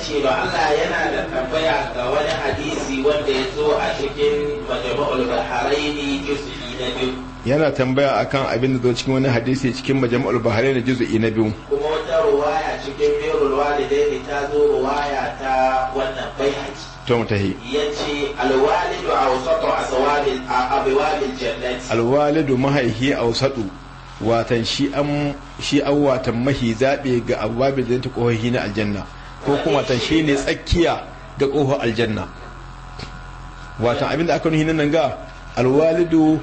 cewa Allah yana da tambaya ga wani hadisi wanda ya zo a cikin majma'ul baharaini juz'i na biyu yana tambaya akan abin da zo cikin wani hadisi cikin majma'ul baharaini juz'i na biyu kuma wata ruwaya cikin birrul walidaini ta zo ruwaya ta wannan baihaqi to mutahi yace alwalidu awsatu aswabil abwabil jannati alwalidu mahaihi awsatu watan shi an watan mahi zaɓe ga abubuwa da ta ƙohohi na aljanna ko kuma ta shi ne tsakiya ga ƙofar aljanna watan da aka nuhi nan ga alwalidu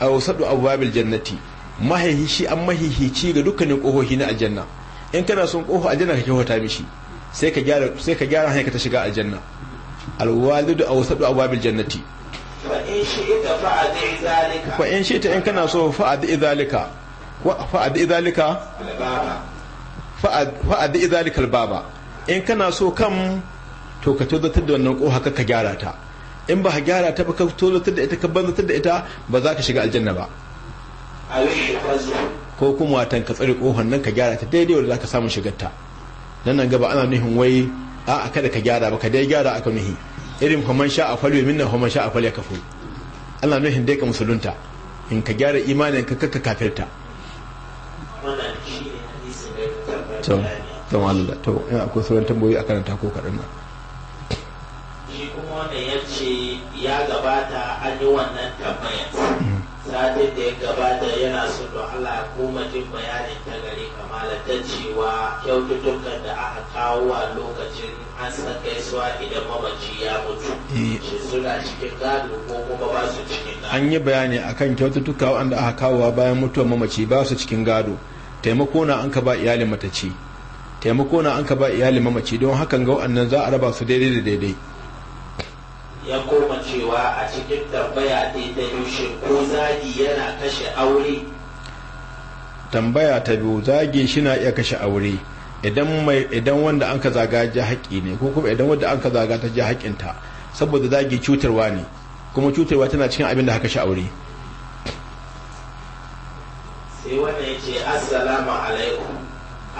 a wasadu abwabil jannati shi an mahihici ga dukkanin ƙofofi na aljanna in kana son ƙofar aljanna ka kyauta mishi sai ka gyara hanyar ka ta shiga aljanna alwalidu a wasadu abwabil jannati fa in shi ta in kana so da'i zalika fa'adi zalika da'i zalika albaba in kana so kan to ka tozatar da wannan ƙoha ka gyara ta in ba ka gyara ta ba ka tozatar da ita ka banzatar da ita ba za ka shiga aljanna ba ko kuma watan ka tsare ƙohon nan ka gyara ta daidai wanda za ka samu ta nan nan gaba ana nuhin wai a kada ka gyara ba ka dai gyara aka nuhi irin kwaman sha a falwe minna kwaman sha a falwe ka fu ana nuhin dai ka musulunta in ka gyara imanin ka kakka kafirta to don Allah to in akwai sauran tambayoyi a karanta ko kaɗan nan. shi kuma wanda ya ce ya gabata an yi wannan tambayar mm. satin da ya gabata yana so don Allah koma jin bayanin ta gari kamala ta cewa kyaututtukan da aka kawo a lokacin an san gaisuwa idan mamaci ya mutu eh. shi suna cikin gado ko kuma ba su cikin gado an yi bayani akan kyaututtuka wanda aka kawo bayan mutuwar mamaci ba su cikin gado taimako na an ka ba iyalin mataci taimako na an ka ba iyalin mamaci don hakan ga wa'annan za a raba su daidai da daidai ya koma cewa a cikin tambaya ta ta biyu ko zagi yana kashe aure tambaya ta biyu zagi shi na iya kashe aure idan mai idan wanda an ka zaga ji haƙi ne ko kuma idan wanda an ka zaga ta ji haƙinta saboda zagi cutarwa ne kuma cutarwa tana cikin abin da haka shi aure sai wannan ya ce assalamu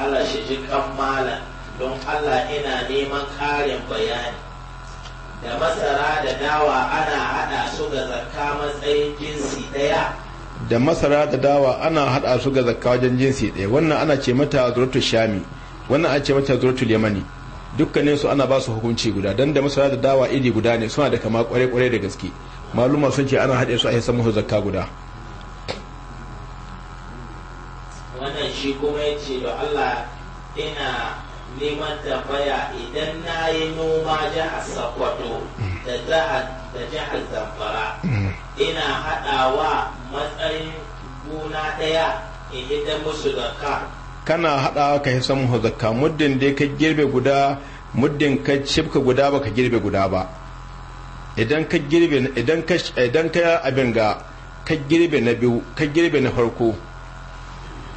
Allah shi ji kammala don Allah ina neman karin bayani da masara da dawa ana hada su ga zakka matsayin jinsi daya da masara da dawa ana hada su ga zakka wajen jinsi daya wannan ana ce mata zuratu shami wannan ana ce mata zuratu yamani dukkanin su ana ba su hukunci guda dan da masara da dawa iri guda ne suna da kama kware kware da gaske maluma sun ce ana hade su a yi samu zakka guda shi kuma ya ce da Allah ina neman tambaya idan na yi noma jihar Sokoto da jihar Zamfara ina haɗawa matsayin gona ɗaya in hidda musu zakka. Kana haɗawa ka hisa musu zakka muddin dai ka girbe guda muddin ka shifka guda ba ka girbe guda ba. Idan ka girbe idan ka abin ga ka girbe na biyu ka girbe na farko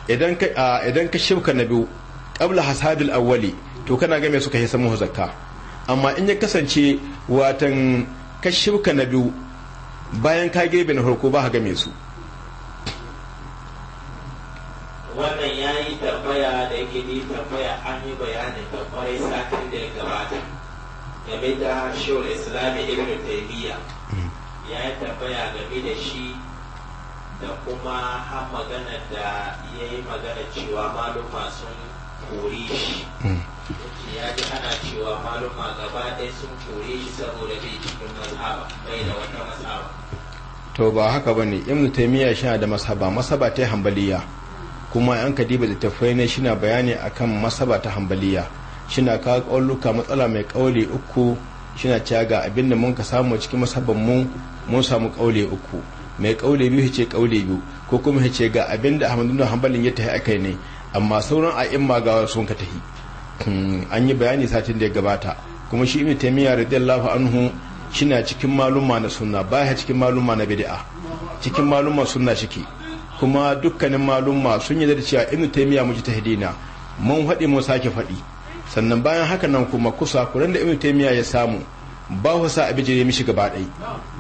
idan ka idan ka shibka na biyu qabla hasadil awwali to kana ga me suka yi samu zakka amma in ya kasance watan ka shibka na biyu bayan ka girbe na farko ba ka game su wannan ya yi tambaya da yake yi tambaya an yi bayanin da satin da ya gabata game da shawar islami ibn taymiya mm. ya yi tambaya game da shi da kuma har magana da ya yi magana cewa maluma sun kore shi hmm. ya ji ana cewa maluma gaba ɗaya sun kore shi saboda bai cikin mazhaba bai da wata mazhaba to ba haka ba ne ibnu taimiyya shi da masaba masaba ta hambaliya kuma an kadiba da tafai ne shi na bayani akan masaba ta hambaliya shi na kawo ƙauluka matsala mai ƙaule uku shi na cewa ga abinda mun ka samu cikin mazhabanmu mu mun samu ƙaule uku mai kaule biyu ce kaule biyu ko kuma ce ga da ahmadu ibn Hanbalin ya tahi akai ne amma sauran a ma gawar sun ka tahi hmm, an yi bayani satin da ya gabata kuma shi Ibn Taymiyyah radiyallahu anhu shina cikin maluma na sunna baya cikin maluma na bid'a cikin maluma sunna shike kuma dukkanin maluma sun yi da cewa mu ji mujtahidina mun faɗi mun sake faɗi sannan bayan haka nan kuma kusa kuran da inu taimiyya ya samu ba ku sa abin jire mishi gaba ɗai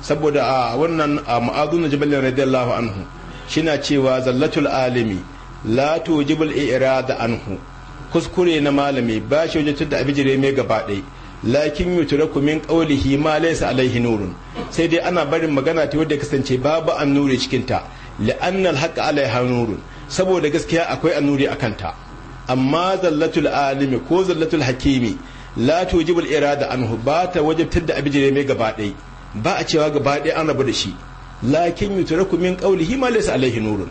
saboda a wannan a ma'azun na jibalin radiyallahu anhu na cewa zallatul alimi la tujibul i'ra da anhu kuskure na malami ba shi wajen da abin jire mai gaba ɗai lakin yutraku min qawlihi ma a alaihi nurun sai dai ana barin magana ta wadda kasance babu an nuri cikin ta la'anna haka haqqa nurun saboda gaskiya akwai an nuri a kanta amma zallatul alimi ko zallatul hakimi la tujibul irada anhu ba ta wajibtar da abijire mai gaba ɗaya ba a cewa gaba ɗaya an rabu da shi lakin yutraku min qawlihi ma laysa alaihi nurun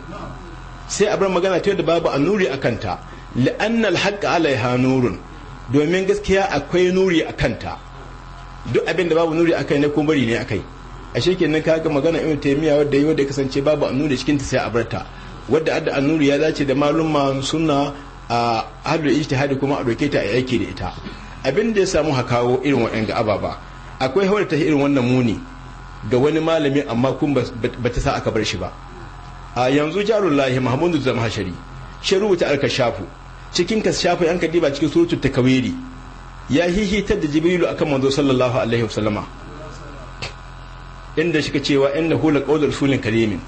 sai a bar magana ta da babu annuri akan ta la'anna alhaqqa alaiha nurun domin gaskiya akwai nuri akan ta duk abin da babu nuri akai ne ko bari ne akai ashe ka kaga magana ibn taymiya wanda yi wanda kasance babu annuri cikin ta sai a ta wadda adda nuri ya dace da malumma sunna a hadu ijtihadi kuma a doke ta a yake da ita abin da ya samu kawo irin ga ababa akwai hawar ta irin wannan muni ga wani malami amma kun ba ta sa aka bar shi ba a yanzu mahamudu mahmudu hashari shi rubuta shafu cikin yan an kadiba cikin surutu ta kawiri ya hihitar da jibrilu akan manzo sallallahu alaihi wasallama inda shi ka cewa inna hu laqawlu rasulin karimin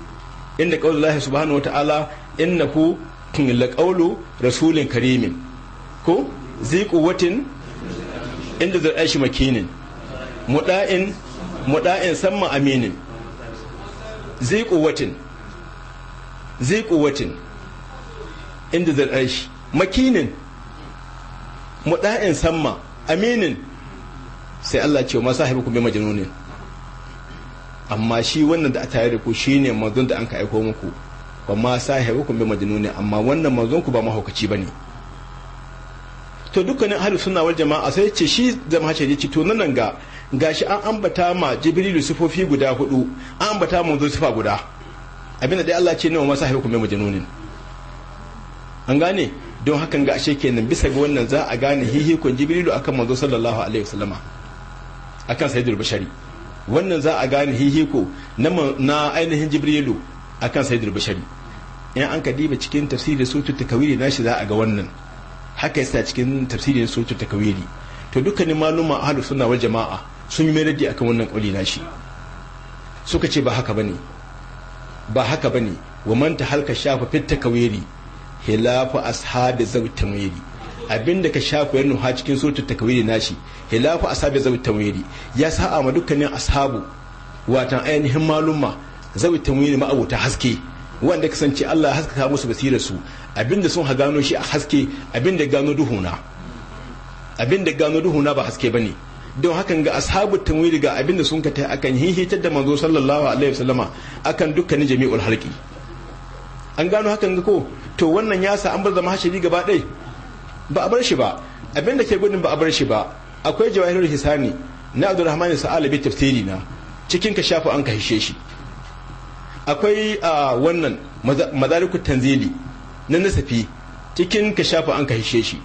inda qawlu lahi subhanahu wata'ala innahu laqawlu rasulin karimin ko zai watin. inda zai shi makinin muda'in muda'in samma aminin zai ƙuwatin, zai kuwatin inda zai shi makinin muda'in samma aminin sai Allah ce ma sahibi ku bi majnunin amma shi wannan da a tare da ku shine mazun da an ka aiko muku wa ma sahibi ku bi majnunin amma wannan mazun ku ba mahaukaci bane to dukkanin ahlus sunna wal jama'a sai ce shi da mahace ce to nan ga gashi an ambata ma jibrilu sifofi guda hudu an ambata mu sifa guda abinda dai Allah ce ma masa haihu kuma majnunin an gane don hakan ga ashe kenan bisa ga wannan za a gane kun jibrilu akan manzo sallallahu alaihi wasallama akan sayyidul bashari wannan za a gane ko na ainihin jibrilu akan sayyidul bashari in an ka diba cikin tafsiri su tutakawiri nashi za a ga wannan haka yasa cikin tafsirin ta takwiri to dukkanin maluma ahlus sunna wal jama'a sun yi mai akan wannan kauli nashi suka ce ba haka bane ba haka bane wa man halka shafa fit takwiri hilafu ashabi zawt tamwiri abinda ka shafa yanu ha cikin suratul takwiri nashi hilafu ashabi zawt tamwiri ya sa'a ma dukkanin ashabu watan ainihin maluma zawt tamwiri ma'abuta haske wanda kasance Allah haskaka musu basirar su abinda sun ha gano shi a haske abinda gano duhuna abinda gano duhuna ba haske bane don hakan ga ashabu tamwili ga abinda sun ka tai akan hihitar da manzo sallallahu alaihi wasallama akan dukkanin jami'ul halqi an gano hakan ga ko to wannan ya sa an bar zama hashiri gaba dai ba a bar shi ba abinda ke gudun ba a bar shi ba akwai jawahirul hisani na abdurrahman sa'alabi tafsiri na cikin ka shafa an ka hishe shi akwai a wannan mazalikut tanzili na nasafi cikin ka shafa an ka hishe shi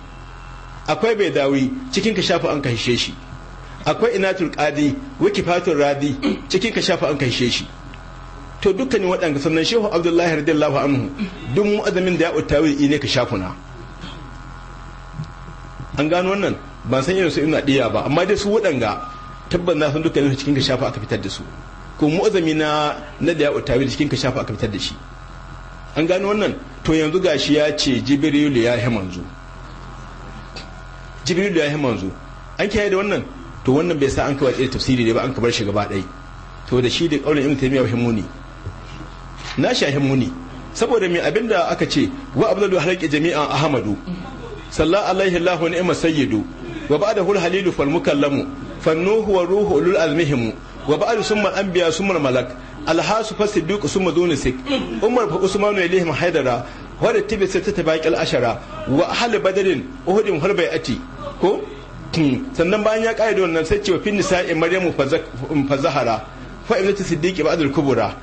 akwai bai dawi cikin ka shafa an ka hishe shi akwai inatul qadi wikifatul radi cikin ka shafa an ka hishe shi to dukkanin waɗanda sannan shehu abdullahi radiyallahu anhu duk mu'azamin da ya utawi ne ka shafuna an gano wannan ban san irin su ina diya ba amma dai su waɗanda tabban na san dukkanin cikin ka shafa aka fitar da su ko mu'azami na na da utawi cikin ka shafa aka fitar da shi an gano wannan to yanzu gashi ya ce jibrilu ya yi manzo jibrilu ya yi manzo an kiyaye da wannan to wannan bai sa an ka watsi tafsiri ne ba an ka bar shi gaba ɗaya to da shi da kaulin ibnu taymiya himu ne na shi himu ne saboda me abinda aka ce wa abdul halqi jami'an ahmadu sallallahu alaihi allah wa ni'ma sayyidu wa ba'dahu al halilu fal mukallamu fannuhu wa ruhu ulul azmihimu wa ba'du summa anbiya summa malak alhasu fasiddiq summa dun sik umar fa usmanu ilayhim haidara wa da tibi sai ta tabaqil ashara wa ahli badrin uhudin ati ko sannan bayan ya kare na wannan sai ce wa fin nisa'i maryamu fazahara fa ibnatu siddiq ba'dul kubura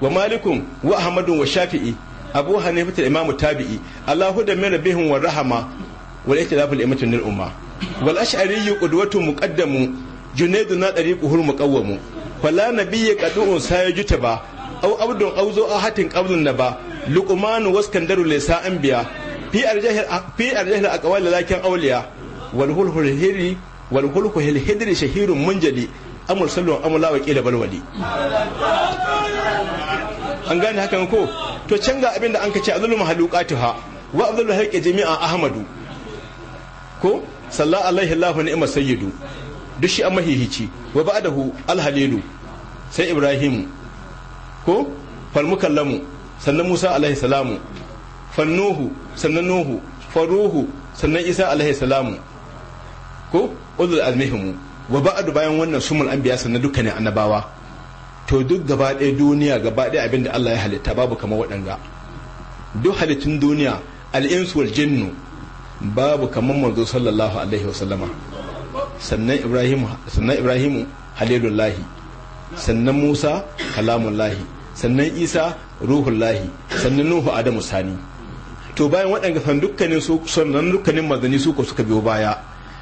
wa malikun wa ahmadun wa shafi'i abu hanifa imamu tabi'i allahu da min rabbihim wa rahama wal ihtilaful imatun lil umma wal ash'ari qudwatun muqaddamu junaidu na ɗari ƙuhur muƙawwamu fala nabiyya sayo juta ba au abdun auzo a hatin ƙablun na ba luqmanu waskandaru lesa an biya fi arjahil aqwal lakin awliya wal hulhul hiri shahirun munjadi amul sallon amula wa balwali an gane hakan ko to can ga da an kace azlul mahaluqatuha wa azlul halqi jami'a ahmadu ko sallallahu alaihi wa ni'ma sayyidu duk shi an mahihici wa hu alhalilu sai ibrahim ko falmukallamu sannan musa alaihi salamu fannuhu nuhu sannan nuhu faruhu sannan isa alaihi salamu ko ulul almihimu wa da bayan wannan sumul anbiya sannan dukkanin annabawa to duk gaba ɗaya duniya gaba ɗaya abinda Allah ya halitta babu kamar waɗanga duk halittun duniya al'insu wal jinnu babu kamar manzo sallallahu alaihi wasallama sannan ibrahimu sannan ibrahimu halilullahi sannan musa kalamullahi sannan isa ruhullahi sannan nuhu adamu sani to bayan waɗanda san dukkanin su sannan dukkanin manzanni su ko suka biyo baya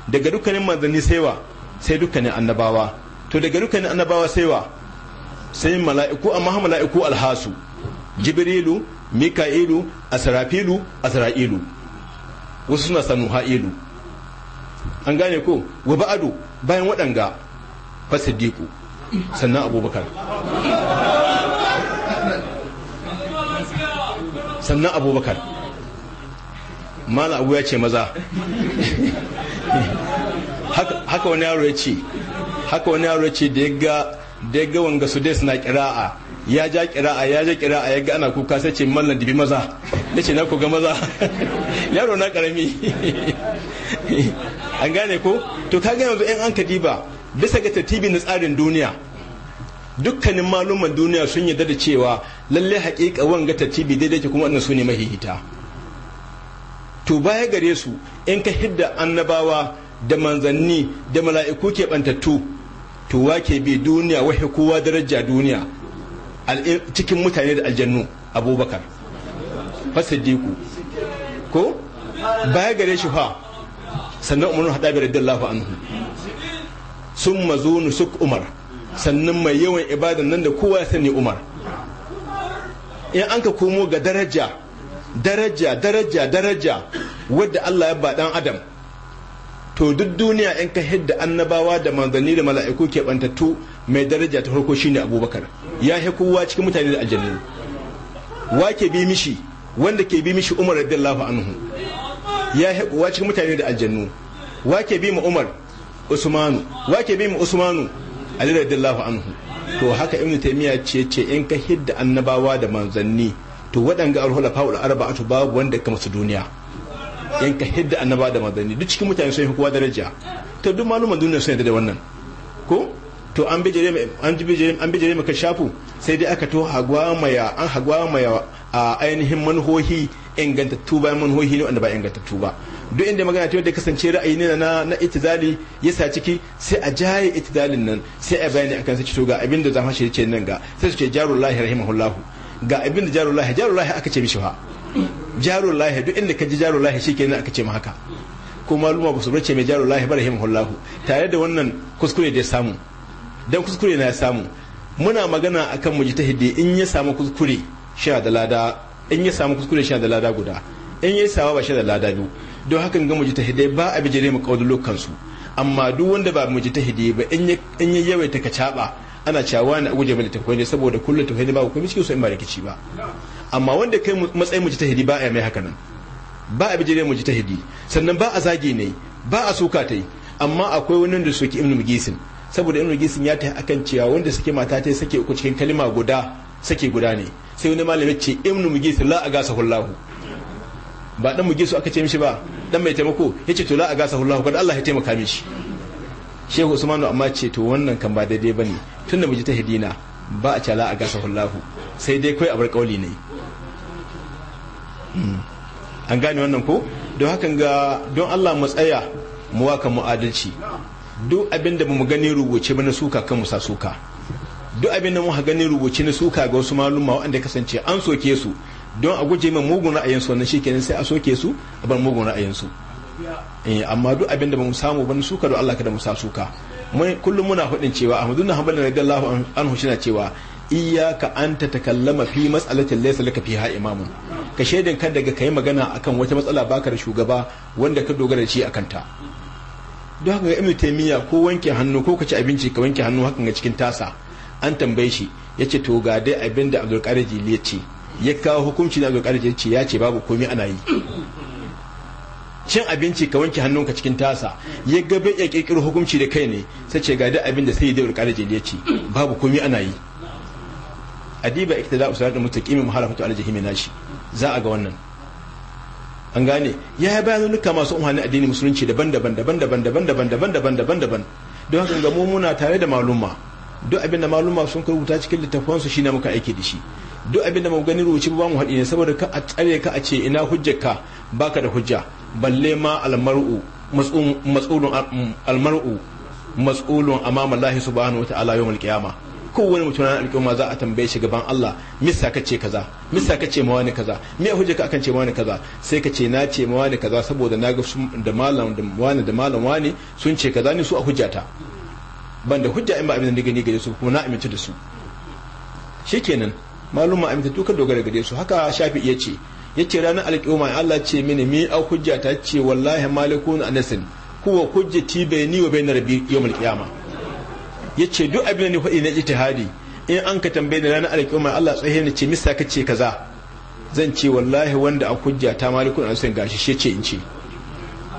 daga dukkanin manzanni saiwa sai dukkanin annabawa to daga dukkanin annabawa saiwa sai mala'iku amma mala'iku alhasu jibrilu mika'ilu asrafilu asra'ilu wasu suna sanu ha'ilu an gane ko wa ba'adu bayan waɗanga fa siddiqu sannan abubakar sannan abubakar mala abu ya ce maza haka wani yaro ya ce haka wani yaro ya ce da ya ga wanga su dai suna kira'a ya ja kira'a ya ja kira'a ya ga ana kuka sai ce mallan dibi maza ya ce na kuga maza yaro na karami an gane ko to ka gane yanzu in an kadiba bisa ga tartibi na tsarin duniya dukkanin maluman duniya sun yarda da cewa lallai haƙiƙa wanga tartibi daidai ke kuma wannan su ne mahihita to baya gare su in ka hidda annabawa da manzanni da mala'iku ke bantattu to wake bi duniya wahi kowa daraja duniya eh, cikin mutane da aljannu abubakar fasadiku ko baya gare shi fa sannan umar hadabi radiyallahu anhu sun mazo nusuk umar sannan mai yawan ibadan nan da kowa ya sani umar in an ka komo ga daraja daraja daraja daraja wadda Allah ya ba adam to duk duniya in ka hidda annabawa da manzanni da mala'iku ke bantattu mai daraja ta farko shine abubakar ya hi kowa cikin mutane da aljannu wa ke bi mishi wanda ke bi mishi umar radiyallahu anhu ya haƙuwa cikin mutane da aljannu wake bi mu umar usmanu wake bi mu usmanu ali radiyallahu anhu to haka ibnu taymiya ce ce in ka hidda annabawa da manzanni to waɗanga al-hulafa ul arba'atu babu wanda kama su duniya in ka hidda annaba da manzanni duk cikin mutane sun yi kowa daraja to duk maluman duniya sun yadda da wannan ko to an bijire an bijire an bijire maka shafu sai dai aka to hagwamaya an a ainihin manhohi ingantattu tuba manhohi ne wanda ba ingantattu ba duk inda magana ta da kasance ra'ayi ne na na itizali ya ciki sai a jaye itizalin nan sai a bayani akan sai to ga abinda da zama shi ce nan ga sai su ce jarullahi rahimahullahu ga abinda da jarullahi jarullahi aka ce mishi fa jarullahi duk inda ka ji jarullahi shikenan aka ce ma haka ko maluma ba su bace mai lahi rahimahu rahimahullahu tare da wannan kuskure da ya samu dan kuskure na ya samu muna magana akan mujtahidi in ya samu kuskure sha da lada in ya samu kuskure shi da lada guda in ya sawa ba shi da lada biyu don hakan ga mu mujtahidai ba a bijire mu lokan su amma duk wanda ba mujtahidi ba in ya in ya yawaita kacaba ana cewa na guje mai tafiya ne saboda kullum tafiya ne ba kuma cikin su in ba rikici ba amma wanda kai matsayin mu ji ta mujtahidi ba a mai haka nan ba a bijire mujtahidi sannan ba a zage ne ba a suka tai amma akwai wani da suke ibnu mugisin saboda ibnu mugisin ya ta akan cewa wanda suke mata ta sake uku cikin kalima guda sake guda ne sai wani malami ce mu la gasa hullahu ba dan aka ce mishi ba dan mai taimako ce to la gasa hullahu kada Allah ya taimaka mishi shehu usmanu amma ce to wannan kan ba daidai bane tunda muji ta hidina ba a ce la a gasa hullahu sai dai kai bar kauli ne hmm. an gane wannan ko don hakan ga don Allah mu tsaya mu waka mu adalci duk abinda ba mu gani rubuce na suka kan mu sa suka duk abin da muka gani rubuce na suka ga wasu maluma ya kasance an soke su don a guje min mugun ra'ayin su wannan shikenan sai a soke su a bar mugun ra'ayin eh, amma duk abin da bamu samu ban suka da Allah kada mu sa suka mun kullum muna faɗin cewa Ahmadu bin Hanbal radiyallahu anhu shi na cewa iyyaka anta takallama fi mas'alatin laysa laka fiha imamun ka shaidin kan daga kai magana akan wata matsala baka da shugaba wanda ka dogara shi akan ta don haka ga Ibn taimiyya ko wanke hannu ko ka ci abinci ka wanke hannu hakan ga cikin tasa an tambaye shi ya ce to ga dai abin da abdulkadir jili ya ce ya kawo hukunci Abdul abdulkadir ya ce ya ce babu komai ana yi cin abinci ka wanke hannunka cikin tasa ya gaba ya kirkiro hukunci da kai ne sai ce ga dai abin da sai da abdulkadir jili ya ce babu komai ana yi adiba iktida usarat mutaqimi muharafatu jahimi nashi za a ga wannan an gane ya yi bayan nuka masu umarni addini musulunci daban-daban daban-daban daban-daban daban-daban daban-daban don haka ga mu muna tare da maluma duk abin da maluma sun kai wuta cikin littafansu shine muka aiki da shi duk abin da mu gani rubuci ba mu haɗi ne saboda ka a tsare ka a ce ina ka baka da hujja balle ma almar'u mas'ulun almar'u mas'ulun amama Allah subhanahu wa ta'ala yawmal qiyama kowane mutum na alƙumma za a tambaye shi gaban Allah misa ka ce kaza misa ka ce ma wani kaza me ya hujja ka akan ce ma wani kaza sai ka ce na ce ma wani kaza saboda na ga da malam da wani da malam wani sun ce kaza ne su a hujjata ban da hujja in ba abin da gani gare su kuma na aminta da su shikenan maluma aminta tukar dogara gare su haka shafi iya ce ya ce ranar alƙiyoma Allah ce mini mi a hujja ta ce wallahi malikun anasin kuwa hujjati bai ni wa bai na rabi yau mulkiyama ya ce duk abin da ni faɗi na ijtihadi in an ka tambaye da ranar alƙiyoma Allah tsaye ne ce misa ka ce kaza zan ce wallahi wanda a hujja ta malikun anasin gashi shi ce in ce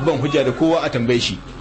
ban hujja da kowa a tambaye shi